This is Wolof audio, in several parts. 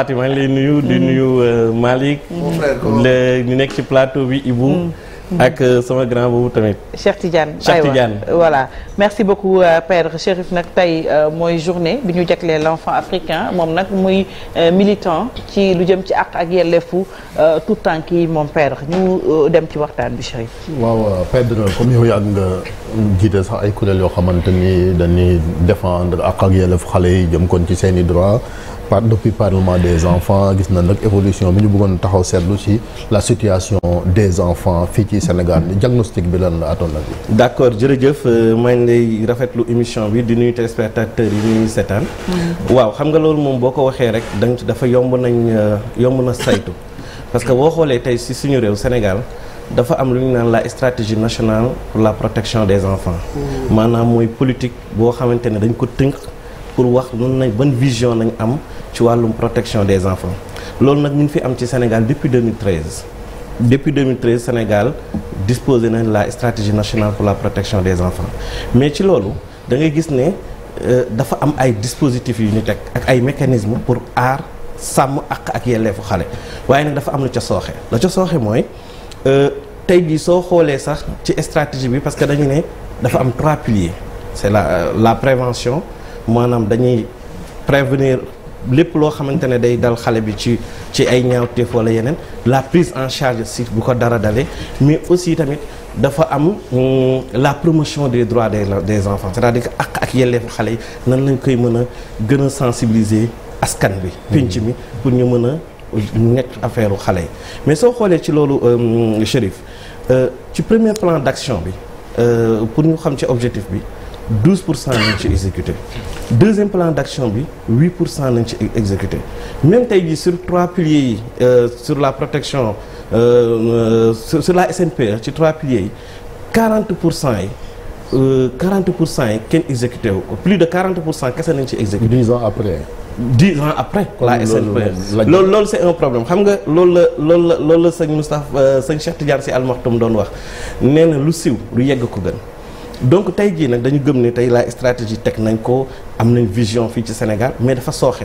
Fatima lay nuyu di mm-hmm. nuyu euh, Malick le ñu nekk ci plateau bi Ibou mm-hmm. ak euh, sama grand boobu tamit. Cheikh tijan Cheikh Tidiane voilà merci beaucoup euh, Père Chérif nag tey mooy journée bi ñu jagleel l'enfant africain moom nag muy militant ci lu jëm ci àq ak yelleefu tout tànk yi moom Père ñu dem ci waxtaan bi Chérif. waaw Pedro comme yow yàgg nga jiite sax ay kuréel yoo xamante ni dañuy défendre àq ak yelleefu xale yi jëm kon ci seeni droit par depuis parlement des enfants gis na nag évolution bi ñu bëggoon taxaw seetlu ci la situation des enfants fii ci Sénégal diagnostic bi lan la à ton avis. d' accord jërëjëf euh, maa ngi lay rafetlu émission bi di nuyu téléspectateurs yi ñuy mm-hmm. waaw xam nga loolu moom boo ko waxee rek dañ ci dafa yomb nañ euh, yomb na saytu. parce que boo xoolee tey si suñu réew Sénégal dafa am lu ñu naan la stratégie nationale pour la protection des enfants. Mm-hmm. maanaam mooy politique boo xamante ne dañ ko tënk. pour wax ñun nañ ban vision nañ am ci wàllum protection des enfants loolu nag ñu fi am ci Sénégal depuis 2013 depuis 2013 Sénégal disposé na la stratégie nationale pour la protection des enfants mais ci loolu da ngay gis ne euh, dafa am ay dispositifs yu ñu teg ak ay mécanismes pour aar sàmm ak ak yelleefu xale waaye nag dafa am lu ca sooxe la ca sooxe mooy euh, tey jii soo xoolee sax ci stratégie bi parce que dañu ne dafa am trois piliers c'est la euh, la prévention maanaam dañuy prevenir lépp loo xamante ne day dal xale bi ci ci ay ñaawteef wala yeneen la prise en charge si bu ko dara dalee mais aussi tamit dafa am hmm, la promotion des droits des des enfants c'est-à-dire que ak ak yelleefu xale yi nan lañ koy mën a gën a sensibiliser askan bi pinc mi pour ñu mën a nekk affaire xale yi mais soo xoolee ci loolu euh, Chérif euh, ci premier plan d'action bi euh, pour ñu xam ci objectif bi 12 pour cent lañ ci exécuté deuxième plan d'action bi 8 pour cent nañ ci exécuté même tey jii sur trois piliers yi euh, sur la protection euh, euh sur, sur la SNPR ci trois piliers yi pour cent yi. Euh, 40 pour cent yi kenn exécuté wu ko plus de 40 pour cent kese nañ ci exécuté. 10 ans après. 10 ans après. la SNPR lool lool c'est un problème xam nga loolu la loolu la loolu la sañ Moustapha euh, sëñ Cheikh Tidiane Sy Al doon wax nee na lu siw lu yegg ko gën. donc tey jii nag dañu gëm ne tey la stratégie teg nañ ko am nañ vision fii ci Sénégal mais dafa sooxe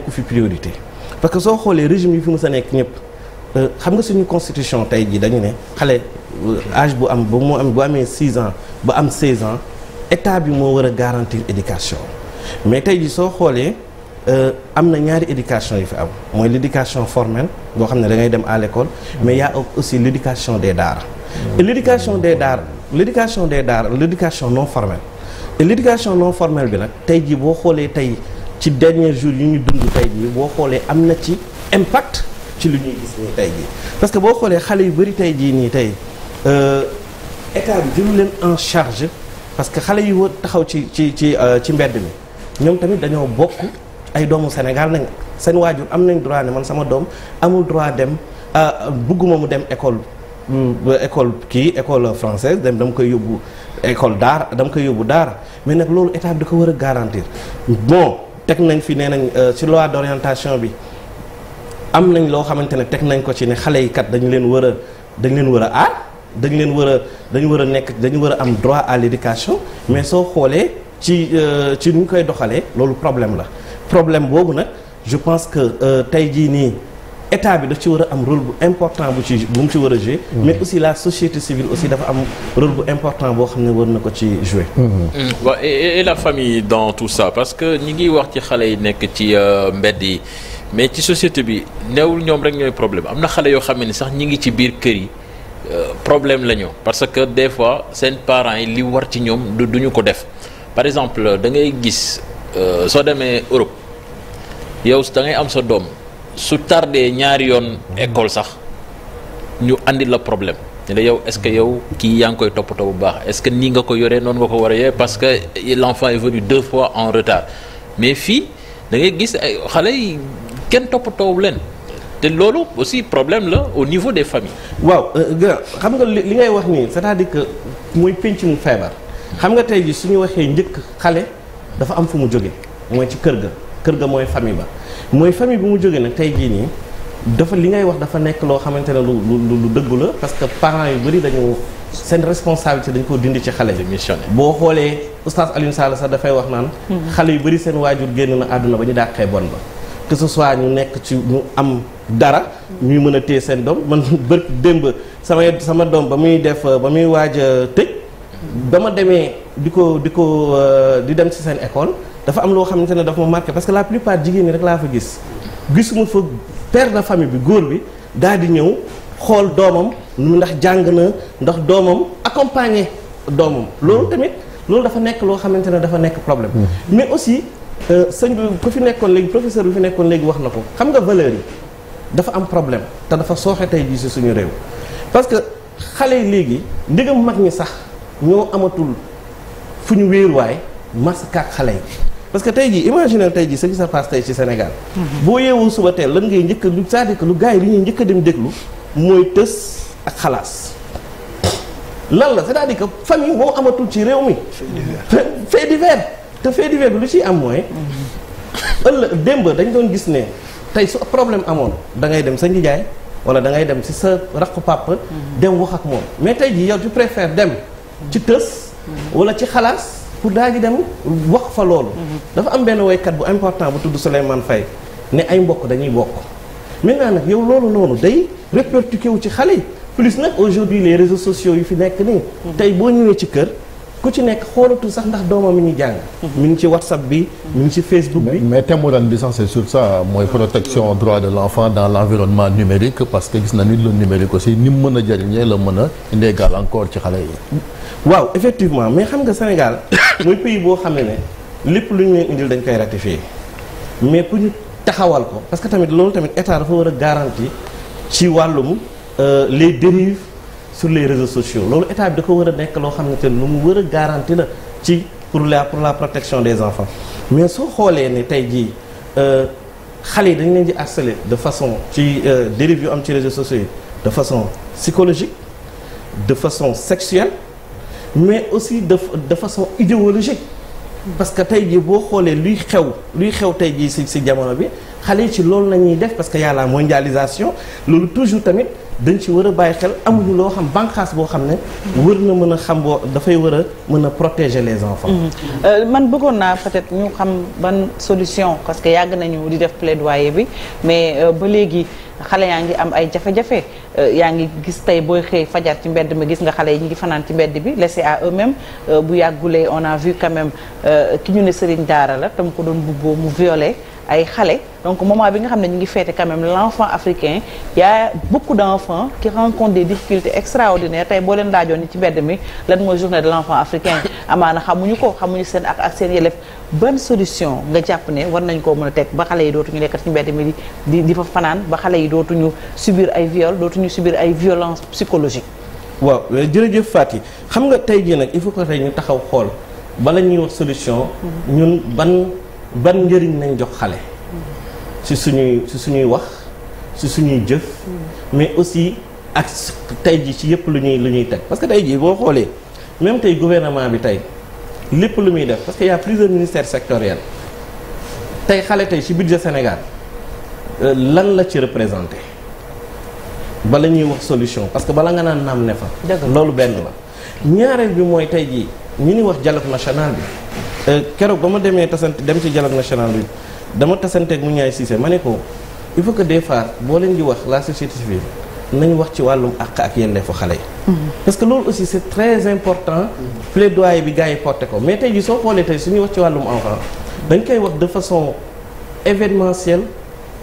nekku fi priorité parce que soo xoolee régime yi fi mu sa nekk ñëpp euh, xam nga suñu constitution tey jii dañu ne xale euh, âge bu am ba mu am bu amee 6 ans ba am 16 ans état bi moo war a garantir éducation mais tey jii soo xoolee euh, am na ñaari éducation yu fi am mooy l' formel boo xam ne da ngay dem à l' mais y' a aussi l' éducation des daara et l' des daara l' des daara éducation non formel et l' éducation non formelle bi nag tey jii boo xoolee tey ci dernier jour yu ñu dund tey boo xoolee am na ci impact ci lu ñuy gis nii tey jii parce que boo xoolee xale yu bëri tey jii nii tey euh, état bi leen en charge parce que xale yu war taxaw ci ci ci euh, ci mbedd mi ñoom tamit dañoo bokk ay doomu Sénégal nañ seen waajur am nañ droit ne man sama doom amul droit dem euh, bugguma mu dem école école kii école française dem dama koy yóbbu école daara dama koy yóbbu daara mais nag loolu état da ko war a garantir bon teg nañ fi nee nañ euh, ci loi d'orientation bi am nañ loo xamante ne teg nañ ko ci ne xale yi kat dañu leen war a dañu leen war a aar dañu leen war a dañu war a nekk dañu war a am droit à l'éducation mais soo xoolee ci euh, ci nu ñu koy doxalee loolu problème la problème boobu nag je pense que euh, tey jii nii. état bi daf ci war a am rôle bu important bu ci bu mu ci war a jouer mm-hmm. mais aussi la société civile aussi dafa am rôle bu important boo xam ne war na ko ci jouer mm-hmm. waaw et la famille dans tout ça parce que ñi ngi wax ci xale yi nekk ci euh, mbedd yi mais ci société bi neewul ñoom rek ñooy problème am na xale yoo xam ne sax ñi ngi ci biir kër yi euh, problème la ñu parce que des fois seen parents yi li war ci ñoom du duñu ko def par exemple dangay ngay gis euh, soo demee Europe yow da ngay am sa doom su tardé ñaari yoon école sax ñu andi la problème ne la yow est-ce que yow kii yaa ngi koy toppatoo bu baax est-ce que nii nga ko yoree noonu nga ko war a yoree parce que l'enfant est venu deux fois en retard mais fii da ngay gis ay xale yi kenn toppatoowu leen te loolu aussi problème la au niveau des familles. waaw euh, xam nga li ngay wax nii c'est-à-dire que mooy penc mu feebar xam nga tey ji su waxee njëkk xale dafa am fu mu jóge mooy ci kër ga kër ga mooy famille ba. mooy famille bi mu jógee nag tey jii nii dafa li ngay wax dafa nekk loo xamante ne lu lu lu dëggu la parce que parents yu bëri dañu seen responsabilité dañ ko dindi ci xale missionné boo xoolee oustaz Alioune Sall sax dafay wax naan hmm. xale yu bëri seen waajur génn na àdduna ba ñu dàqee bon ba que ce ñu nekk ci ñu am dara ñuy mën a téye seen doom man bër démb sama sama doom ba muy def ba muy waaja a tëj ba ma demee di ko di ko euh, di dem ci seen école dafa am loo xamante ne dafa ma marqué parce que la plupart jigéen ñi rek laa fa gis gisuma fa père de famille bi góor bi daal di ñëw xool doomam ndax jàng na ndax doomam accompagner doomam loolu tamit loolu dafa nekk loo xamante ne dafa nekk problème mm. mais aussi euh, sëñ bi ku fi nekkoon léegi professeur bi fi nekkoon léegi wax na ko xam nga valeur yi dafa am problème te dafa sooxe tey jii suñu réew parce que xale yi léegi ndigam mag ñi sax ñoo amatul fu ñu wéeruwaay massakaak xale yi parce que tey jii imaginer tey jii ce qui se passe tey ci Sénégal. boo yeewoo suba teel lan ngay njëkk lu c'est-à-dire que lu ñuy njëkk a dem déglu mooy tës ak xalaas. lan la c'est-à-dire que amatul ci réew mi. fait divers te fait divers bi lu ciy am mooy. ëllëg démb dañ doon gis ne tey su problème amoon da ngay dem sa nijaay wala da ngay dem si sa rakku papa. Mm-hmm. dem wax ak moom mais tey jii yow tu préfères dem. ci tës. Mm-hmm. wala ci xalaas. pour daal di dem wax fa loolu. dafa am benn woykat bu important bu tudd Souleymane Faye ne ay mbokk dañuy bokk. maintenant nag yow loolu noonu day répercuté wu ci xale yi plus nag aujourd'hui les réseaux sociaux yu fi nekk nii. tey boo ñëwee ci kër. ku ci nekk xoolatul sax ndax doomam mi ngi jàng. mi ngi ci whatsapp bi mi ngi ci facebook bi. mais thème ren bi sax c'est sur ça mooy protection droit de l'enfant dans l'environnement numérique parce que gis na nit lu numérique aussi ni mu mën a jariñee la mën a indee gàllankoor ci xale yi. waaw effectivement mais xam nga Sénégal muy pays boo xam ne ne lépp lu ñu leen indil dañ koy ratifier mais pour ñu taxawal ko parce que tamit loolu tamit état dafa war a garantie ci wàllum euh, les dérives sur les réseaux sociaux loolu état bi da ko war a nekk loo xam ne te lu mu wër a garantie la ci pour la pour la protection des enfants mais soo xoolee ne tey jii euh, xale yi dañ leen di harceler de façon ci euh, dérive yu am ci réseaux sociaux yi de façon psychologique de façon sexuelle mais aussi de de façon idéologique parce que tey jii boo xoolee luy xew luy xew tey jii si si jamono bi xale yi ci loolu la ñuy def parce que y mondialisation loolu toujours tamit dañ ci war a bàyyi xel amuñu loo xam bànqaas boo xam ne. wër na mën a xam boo dafay war a mën a protéger les enfants. Mhm. Euh, man bëggoon naa peut-être ñu xam ban solution parce que yàgg nañu di def plaidoyer bi mais euh, ba léegi xale yaa ngi am ay jafe-jafe euh, yaa ngi gis tey booy xëy fajar ci mbedd ma gis nga xale yi ñu ngi fanaan ci mbedd bi laissés à eux-mêmes bu yàggulee on a vu quand même ki ñu ne sëriñ daara la te mu ko doon bubboo mu violé. ay xale donc moment bi nga xam ne ñu ngi fêter quand même l'enfant africain y a beaucoup d'enfants qui rencontrent des difficultés extraordinaires tey boo leen laajoon ni ci mbedd mi lan mooy journée de l'enfant africain amaana xamuñu ko xamuñu seen ak ak seen yelef ban solution nga jàpp ne war nañ koo mën a teg ba xale yi dootuñu nekkat ci mbedd mi di di fa fanaan ba xale yi dootuñu subir ay viol dootuñu subir ay violence psychologique waaw jërëjëf Faty xam nga tey jii nag il faut que taxaw xool bala ñuy wax solution mm-hmm. ñun ban njëriñ lañ jox xale si suñuy si suñuy wax si suñuy jëf mais aussi ak tey ji ci yëpp lu ñuy lu ñuy teg parce que tey ji boo xoolee même tey gouvernement bi tey lépp lu muy def parce que y a plusieurs ministères sectoriels tey xale tey ci budget Sénégal euh, lan la ci représenté bala ñuy wax solution parce que bala nga naan naam ne fa loolu benn la ñaareel bi mooy tey ji ñu ni wax dialogue national bi Euh, keroog ba ma demee tasante dem ci dialogue national bi dama tasanteeg mu ñaay Cissé ma ne ko il faut que des fois boo leen di wax la société civile nañu wax ci wàllum àq ak yelleefu xale yi. Mm-hmm. parce que loolu aussi c'est très important. Mm-hmm. plaidoyer bi gars yi porté ko mais tey jii soo xoolee tey suñuy wax ci wàllum enfant dañ koy wax de façon événementielle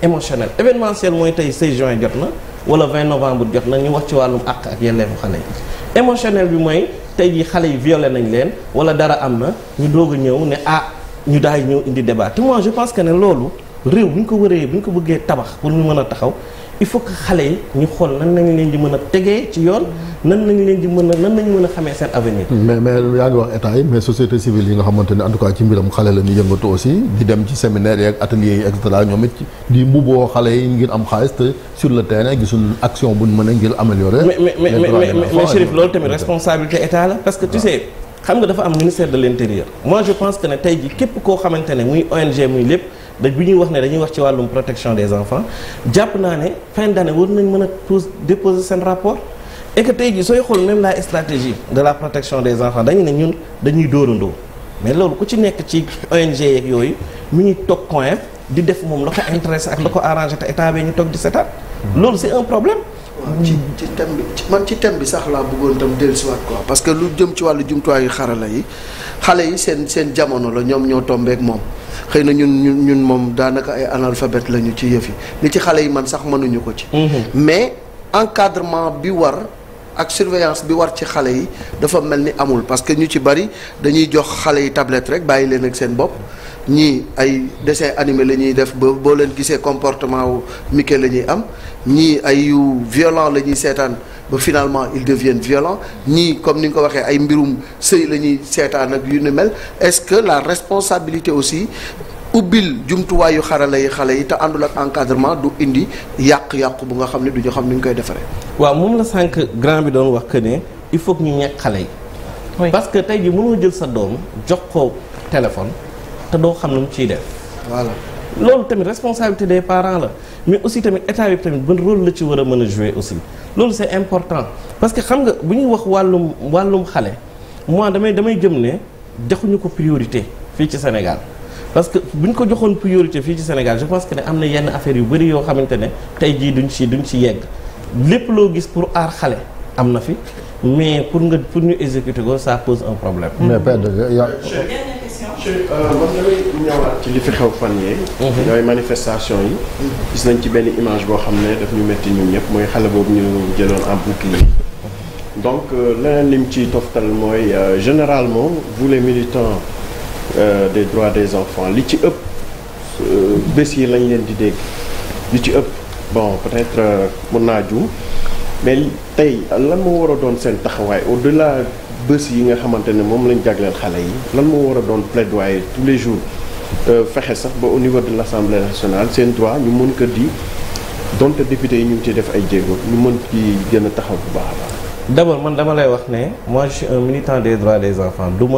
émotionnelle événementielle mooy tey 16 juin jot na wala 20 novembre jot na ñu wax ci wàllum àq ak yelleefu xale yi émotionnelle bi mooy. tey jii xale yi violé nañ leen wala dara am na ñu doog a ñëw ne ah ñu daay ñëw indi débat te moi je pense que ne loolu réew bu ñu ko wëree bu ñu ko bëggee tabax pour ñu mën a taxaw il faut que xale yi ñu xool nan nañ leen di mën a tegee ci yoon nan nañ leen di mën a nan nañ mën a xamee seen avenir mais mais yaa ngi wax état yi mais société civile yi nga xamante ne en tout cas ci mbiram xale la ñu yëngatu aussi di dem ci séminaire atelier yi et ñoom it di mbubboo xale yi ngir am xaalis te sur le terrain gisul action buñ mën a ngir améliorer mais mais mais mais Chérif loolu tamit responsabilité état la parce que tu sais xam nga dafa am ne tey ji képp koo xamante ne muy ONG muy lépp dañ bu ñuy wax ne dañuy wax ci wàllum protection des enfants jàpp naa ne fin d'année war nañ mën a tous déposer seen rapport et que tey sooy xool même la stratégie de la protection des enfants dañu ne ñun dañuy dóorandoo mais loolu ku ci nekk ci ONG yeeg yooyu mu ñuy toog coin di def moom la ko intéressé ak la ko arrangé te état bee ñu toog di seetaan mm-hmm. loolu c'est un problème ci mm. ci thème bi man ci thème bi sax laa bëggoon tam dellusiwaat quoi parce que lu jëm ci wàllu jumtuwaayu xarala yi xale yi seen seen jamono la ñoom ñoo tombeek moom xëy na ñun ñun ñun moom daanaka ay analphabète lañu ci yëf yi li ci xale yi man sax mënuñu ko ci mm-hmm. mais encadrement bi war ak surveillance bi war ci xale yi dafa mel ni amul parce que ñu ci bari dañuy jox xale yi tablette rek bàyyi leen ak seen bopp ñii ay dessin animé la ñuy def ba boo leen gisee comportement wu Mickey la ñuy am ñii ay yu violent la ñuy seetaan ba finalement ils deviennent violents ñii comme ni nga ko waxee ay mbirum sëy la ñuy seetaan ak yu ni mel est-ce que la responsabilité aussi ubbil jumtuwaayu xarala yi xale yi te àndul ak encadrement du indi yàq-yàq bu nga xam ne du ñu xam ni ñu koy defaree. waaw moom la sànq grand bi doon wax que ne il faut que ñu ñàkk xale yi. parce que tey jii mënoo jël sa doom jox ko téléphone. te doo xam lu mu ciy def. voilà loolu tamit responsabilité des parent la mais aussi tamit état bi tamit ban rôle la ci war a mën a jouer aussi loolu c'est important parce que xam nga bu ñuy wax wàllum wàllum xale moi damay damay jëm ne joxuñu ko priorité fii ci Sénégal. parce que bu ñu ko joxoon priorité fii ci Sénégal je pense que ne am na yenn affaire yu bëri yoo xamante ne tey jii duñ ci duñ ci yegg lépp loo gis pour aar xale am na fi mais pour nga pour ñu exécuter ko ça un problème. mais Euh, man ci li fi xew fan yee ñooy mhm. manifestation yi mhm. gis nañ ci benn image boo xam ne daf ñu metti ñun ñëpp mooy xale boobu ñu jëloon en bouclier mhm. donc euh, leneen lim ci toftal mooy euh, généralement vous les militants euh, des droits des enfants li ci ëpp bés yi lañ leen di dégg li ci ëpp bon peut-être mën naa juum mais tey lan moo war a doon seen taxawaay au-delà bés yi nga xamante ne moom lañ jagleel xale yi lan moo war a doon plaidoyer tous les jours euh, fexe sax ba au niveau de l' assemblée nationale seen droit ñu mën ko di donte député yi ñu ngi ciy def ay jéego ñu mën ci gën a taxaw bu baax a d'abord man dama lay wax ne mois je suis un militant des droits des enfants duma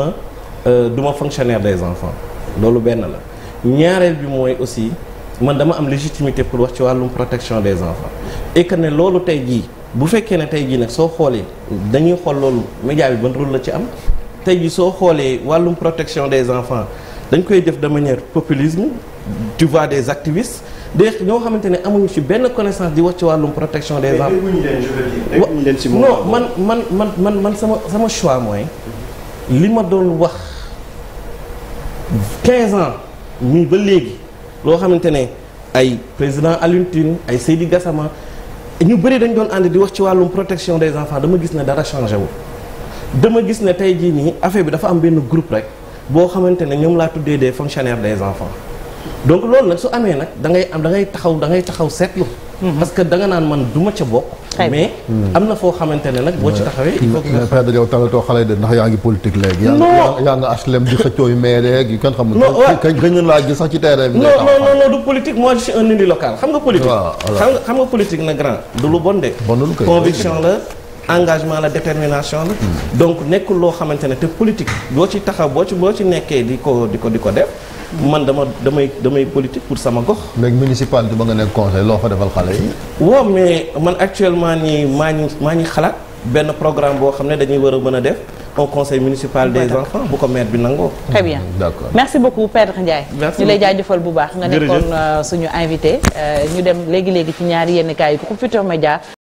ma euh, du ma fonctionnaire des enfants loolu benn la ñaareel bi mooy aussi man dama am légitimité pour wax ci wàllum protection des enfants et ne loolu bu fekkee ne tey jii nag soo xoolee dañuy xool loolu média bi ban rôle la ci am tey jii soo xoolee wàllum protection des enfants dañ koy def de manière populisme tu vois des activistes des ñoo xamante ne amuñu ci benn connaissance di wax ci wàllum protection des enfants non man man man man man sama sama choix mooy li ma doon wax 15 ans mi ba léegi loo xamante ne ay président Alioune Tine ay Seydi Gassama ñu bëri dañ doon ànd di wax ci wàllum protection des enfants dama gis ne dara changé wu dama gis ne tey jii nii affaire bi dafa am benn group rek boo xamante ne ñoom laa tuddee de fonctionnaires des enfants donc loolu nag su amee nag da ngay am dangay taxaw da ngay taxaw seetlu. Mhm. parce que da nga naan man du ma ca bokk. mais mhm. am na foo xamante ne nag boo ci taxawee. il faut que nga perdre yow talatoo xale de ndax yaa ngi politique léegi. non yaa nga HLM di xëccoo yu maire laa gis sax ci terrain bi. non non du politique moi je suis local xam nga politique. xam nga xam nga politique na grand. du lu bon de. conviction la. engagement la détermination la. Hmm. donc nekkul loo xamante ne te politique boo ci taxaw boo ci boo ci nekkee di ko di ko di ko def. man dama damay damay politique pour sama gox. léegi municipalité ba nga nekk conseil loo fa defal xale yi. waaw mais man actuellement nii maa ngi maa ngi xalaat benn programme boo xam ne dañuy war a mën a def un conseil municipal des enfants bu ko maire bi nangoo. très bien mm, d'accord merci beaucoup Père Ndiaye. ñu lay jaajëfal bu baax. nga nekkoon euh, suñu invité. Euh, ñu dem léegi léegi ci ñaari yenn kaay yi Groupe Futurs Médias.